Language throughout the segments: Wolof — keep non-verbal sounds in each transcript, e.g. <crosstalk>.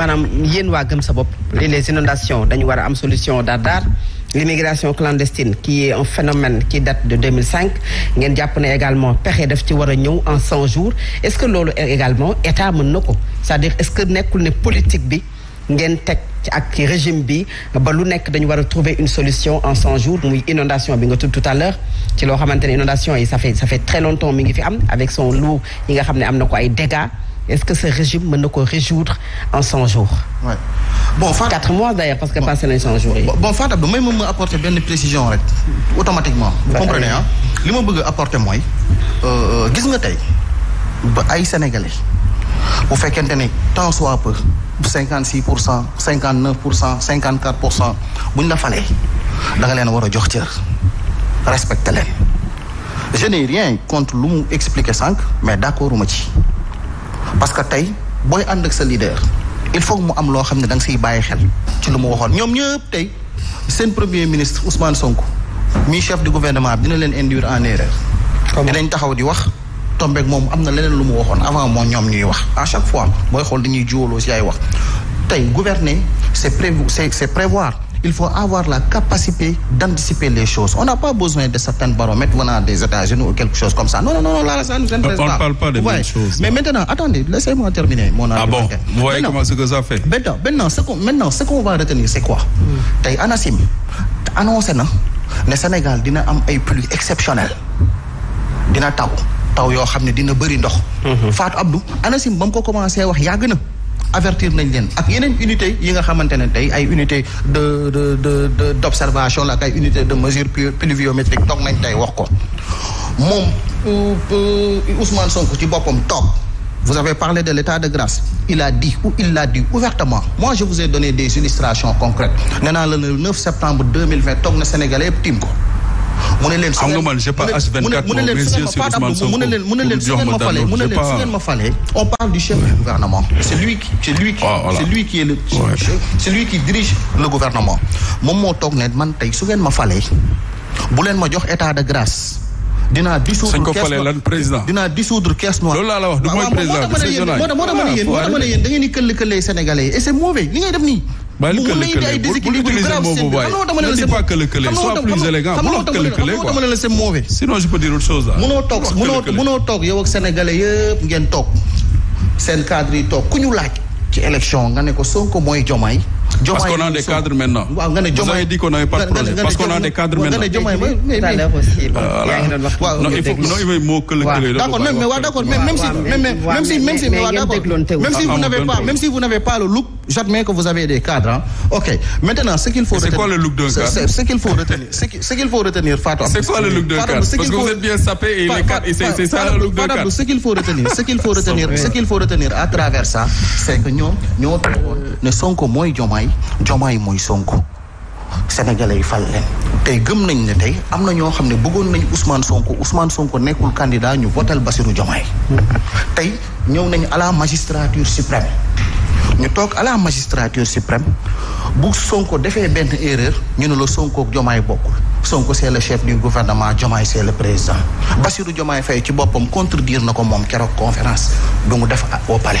maanaam yéen waa gëm sa bopp li les inondations dañu war a am solution daar daar l'immigration clandestine ki est un phénomène qui date de 2005 ngeen jàpp ne également pexe daf ci war a ñëw en 100 jours est-ce que loolu également état mën na ko c'est-à-dire est-ce que nekkul ne politique bi ngeen teg ak régime bi ba lu nekk dañu war a trouver une solution en 100 jours muy inondation bi nga tudd tout à l'heure ci loo xamante ne inondation yi ça fait ça fait très longtemps mi ngi fi am avec son lot nga xam ne am na ko ay dégâts est-ce que ce régime mën na ko résoudre en cent jours. Ouais. bon Fatou quatre mois d'ailleurs parce que passé nañ cent jours yi. bon Fatou Abdou may moom ma apporter benn précision rek automatiquement. li ma bëgg a mooy. Euh, euh, gis nga tey ba ay sénégalais u fekkente ne tant soit peu cinquante pour cent cinquante pour cent cinquante quatre pour cent bu ñu la falee da nga leen war a jox cër respecte leen je n'ai rien contre lu mu expliqué sànq mais d'accord ma ci. parce que tey booy ànd ak sa leader il faut mu am loo xam ne da nga siy bàyyi xel ci lu mu waxoon ñoom ñëpp tey seen premier ministre Ousmane Sonko mi chef du gouvernement bi dina leen induire en erreur. dinañ taxaw di wax tombeek moom am na leneen lu mu waxoon avant moo ñoom ñuy wax à chaque fois mooy xool dañuy jiwaloo si ay wax tey gouverner c'est prévu c'est c'est prévoir. il faut avoir la capacité d'anticiper les choses. On n'a pas besoin de certains baromètres venant des états quelque chose comme ça. Non, non, non, là, ça nous intéresse on pas. terminer mon argument. Ah bon, vous voyez comment ce fait Maintenant, maintenant c'est quoi mm. Tey ANACIM na ne Sénégal dina am ay pluies exceptionnelles dina taw taw yoo xam ne dina bëri ndox. Mhm. Fatou Abdou ANACIM ba ko commencé wax yàgg na. avertir nañ leen ak yeneen unité yi nga xamante ne tey ay unité de de de de d' observation la ak ay unité de mesure pluviométrique toog nañ tey wax ko moom euh, euh, Ousmane Sonko ci boppam toog vous avez parlé de l'état de grâce il a dit ou il l'a dit ouvertement moi je vous ai donné des illustrations concrètes nee la le septembre toog na sénégalais yëpp tiim ko mu ne leen. xam nga man j'ai pas H24 mon mes yeux sur Ousmane Sonko mu ne leen mu ne leen su ngeen ma falee mu ne leen su ngeen ma falee on parle du chef du gouvernement. c'est lui qui c'est lui qui ah, c'est lui qui est le c'est lui qui dirige le gouvernement moom moo toog ne man tey su ngeen ma falee bu leen ma jox état de grâce. dinaa dissoudre caisse noire lan président dinaa dissoudre caisse noire. loolu laa la wax du mooy président moo tax ma ne yéen moo tax ma ne yéen da ngeen di këll këllee sénégalais yi et c'est mauvais li ngay def nii. ba li kële kële bu utiliser le mot boobu waaye ne dis pas kële kële sois plus élégant bu la kële kële quoi xam nga c'est mauvais sinon ngeen toog seen cadre yi toog ku ñu laaj ci élection nga ne ko Sonko mooy Diomaye parce qu'on a des cadres maintenant. waaw nga ne Diomaye vous avez dit qu'on n'avait pas de des cadres maintenant. waaw il faut non il faut moo kële kële. d'accord mais waaw d'accord même si même ah, pas le look j'admets que vous avez des cadres ok maintenant ce qu'il faut. retenir c'est quoi parce que vous êtes bien sapé et les cadres c'est que ñoom ñoo Diomaye mooy Sonko sénégalais yi fal leen tey gëm nañ ne tey am na ñoo xam ne bëggoon nañ Ousmane Sonko Ousmane Sonko nekkul candidat ñu votal basiru Diomaye <laughs> tey ñëw nañ à magistrature suprême ñu toog à magistrature suprême bu Sonko defee benn erreur ñu ne la Sonko ak Diomaye bokkul Sonko c'est le chef du gouvernement Diomaye c'est le président Bassirou Diomaye Faye ci boppam contredire na ko moom keroog conférence du mu def au palais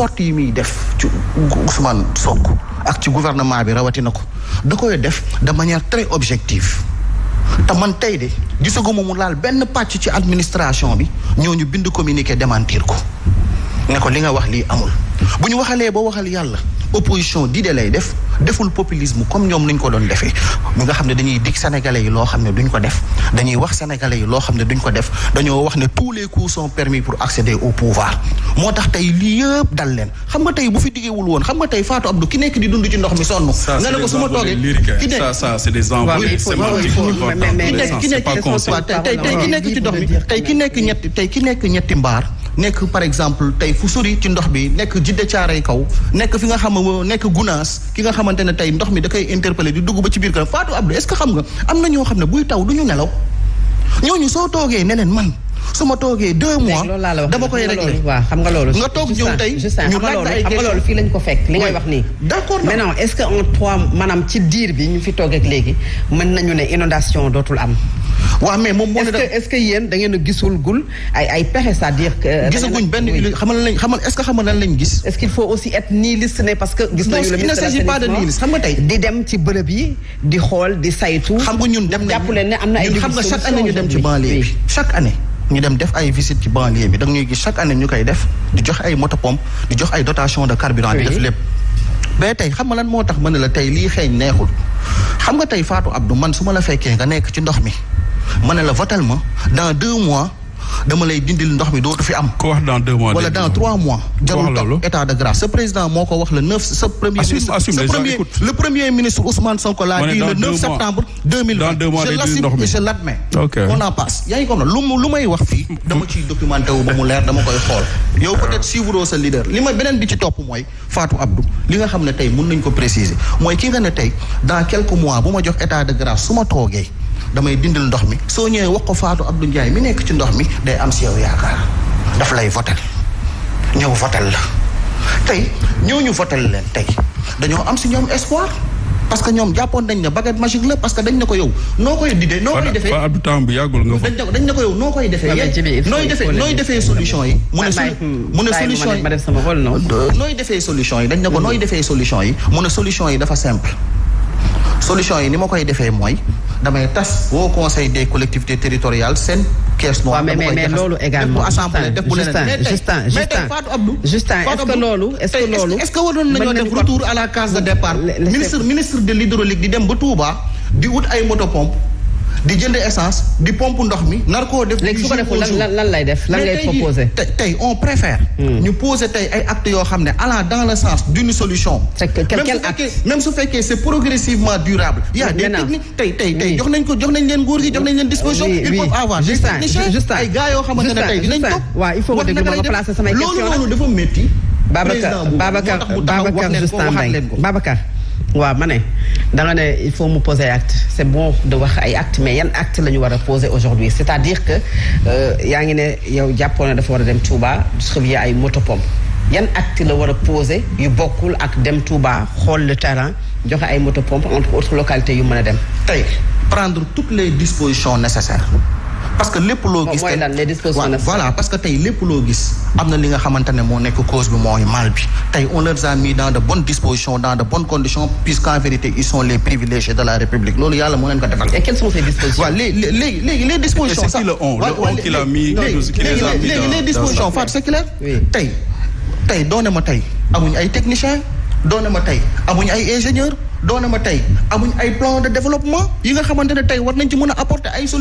sortie yi muy def ci Ousmane Sonko ak ci gouvernement bi rawatina ko da koy def de manière très objective te man tey de gisaguma mu laal benn pàcc ci administration bi ñoo ñu bind communiquer démentir ko ne ko li nga wax lii amul bu ñu waxalee ba waxal yàlla opposition d'idée lay def deful populisme comme ñoom nañ ko doon defee mi nga xam ne dañuy dig sénégalais yi loo xam ne duñ ko def dañuy wax sénégalais yi loo xam ne duñ ko def dañoo wax ne tous les coups son permis pour accéder au pouvoir moo tax tey lii yëpp dal leen xam nga tey bu fi diggewul woon xam nga tey Fatou Abdou ki nekk di dund ci ndox mi sonn nga ne ko su toogee ki nekk ça ça c'est ki nekk ñetti mbaar nekk par exemple tey fu sori ci ndox bi nekk jidde caaray kaw nekk fi nga xam ne nekk gunaas ki nga xamante ne tey ndox mi da koy interpeller di dugg ba ci biir këram Fatou Abdou est-ce que xam nga am na ñoo xam ne buy taw du ñu nelaw ñooñu soo toogee ne man su ma toogee deux mois dama koy régler waaw xam nga loolu nga toog ñëw tey ñu laaj la ay xam nga loolu fii lañ ko fekk li ngay wax nii d'accord maintenant est-ce que en trois maanaam ci diir bi ñu fi toog ak léegi mën nañu ne inondation dootul am waaw mais moom moo ne est-ce que yéen da ngeen a gisul gul benn xamal lañ xamal est-ce que xamal lan lañ gis est-ce qu'il faut que gis nañu il tey di dem ci bërëb yi di xool di saytu xam nga ñun dem nañu jàpp leen ne am na ay xam nga chaque année ñu dem ci banlieue bi chaque dem def ay visite ci banlieue bi da ñuy gis chaque année koy def di jox moto pompe jox ay dotation de carburant lépp mais tey xam nga lan moo tax ma ne la tey lii xeeñ neexul xam nga tey Fatou du man su ma la fekkee nga nekk ci ndox mi ma ne la votel ma dans deux mois dama lay dindil ndox mi dootu fi am. ko wax dans deux mois wala dans trois mois. jarul toog état de grâce. président moo ko wax le neuf sa premier. ministre sa premier le premier ministre laa di le 9 septembre. 2020 je l'assume et je l'admets. ko lu mu lu may wax fii. dama ciy documenté wu ba mu leer dama koy xool. yow peut être suivre sa leader li ma beneen bi ci topp mooy Fatou Abdou li nga xam ne tey mun nañ ko préciser mooy ki nga ne tey dans quelques mois bu ma jox état de grâce su ma toogee. damay dindil ndox mi soo ñëwee wax ko Fatou Abdou njaay mi nekk ci ndox mi day am si yow yaakaar daf lay votel ñëw votel la tey ñëw ñu votel leen tey dañoo am si ñoom espoir parce que ñoom jàppoon dañ ne baguette magique la parce que dañ ne ko yow noo koy didee noo koy defee Abdou Tam bu dañ ne ko yow noo koy defee nooy defee nooy defee solution yi mu ne mu ne solution yi nooy defee solution yi dañ ne ko nooy defee solution yi mu ne solution yi dafa simple solution yi ni ma koy defee mooy damay tas woo conseil des collectivités territoriales seen caisse noire. mais mais loolu également. Justin Justin Justin est-ce que loolu. est-ce que loolu est-ce que waroon nañoo def retour à la case de départ. ministre ministre de l'hydraulique di dem ba Touba di wut ay motopompe di jënd essence di pompe ndox mi. nar koo def léegi su ko deful lan lan lay def lan lay proposé. tey tey on préfère. Hmm. ñu poser tey ay actes yoo xam ne allant dans le sens d'une solution. même su fekkee c'est progressivement durable. y a des techniques tey tey tey jox nañ ko jox nañ leen nguur gi jox nañ leen disposition. il faut avoir des techniciens ay gars yoo a ne tey dinañ toog. waaw il faut que déglu ma ma placer samay loolu dafa mu taxaw wax leen ko Babacar waaw ma ne danga ne il faut mu poser acte c'est bon de wax ay acte mais yan acte la ñu war a poser aujourd'hui c'est-à-dire que euh, yaa ngi ne yow jàppoo ne dafa war a dem Touba trouver ay moto motopompe yan acte la war a poser yu bokkul ak dem Touba xool le terrain joxe ay motopompe entre autres localités yu mën a dem tey prendre toutes les dispositions nécessaires parce que lépp loo gis mooy lan les dispositions voilà parce que tey lépp loo am na li nga xamante moo nekk cause bi mooy mal bi tey on les a dans de bonnes dispositions dans de bonnes conditions puisqu'en vérité ils sont les privilégiés de la République loolu yàlla moo leen ko defal. et quelles sont ces dispositions. waaw les dispositions. sax waaw léegi les dispositions Fatou c'est tey tey doone ma tey amuñ ay technicien doone ma tey amuñ ay ingénieurs doone ma tey amuñ ay plan de développement yi nga xamante a apporter ay solutions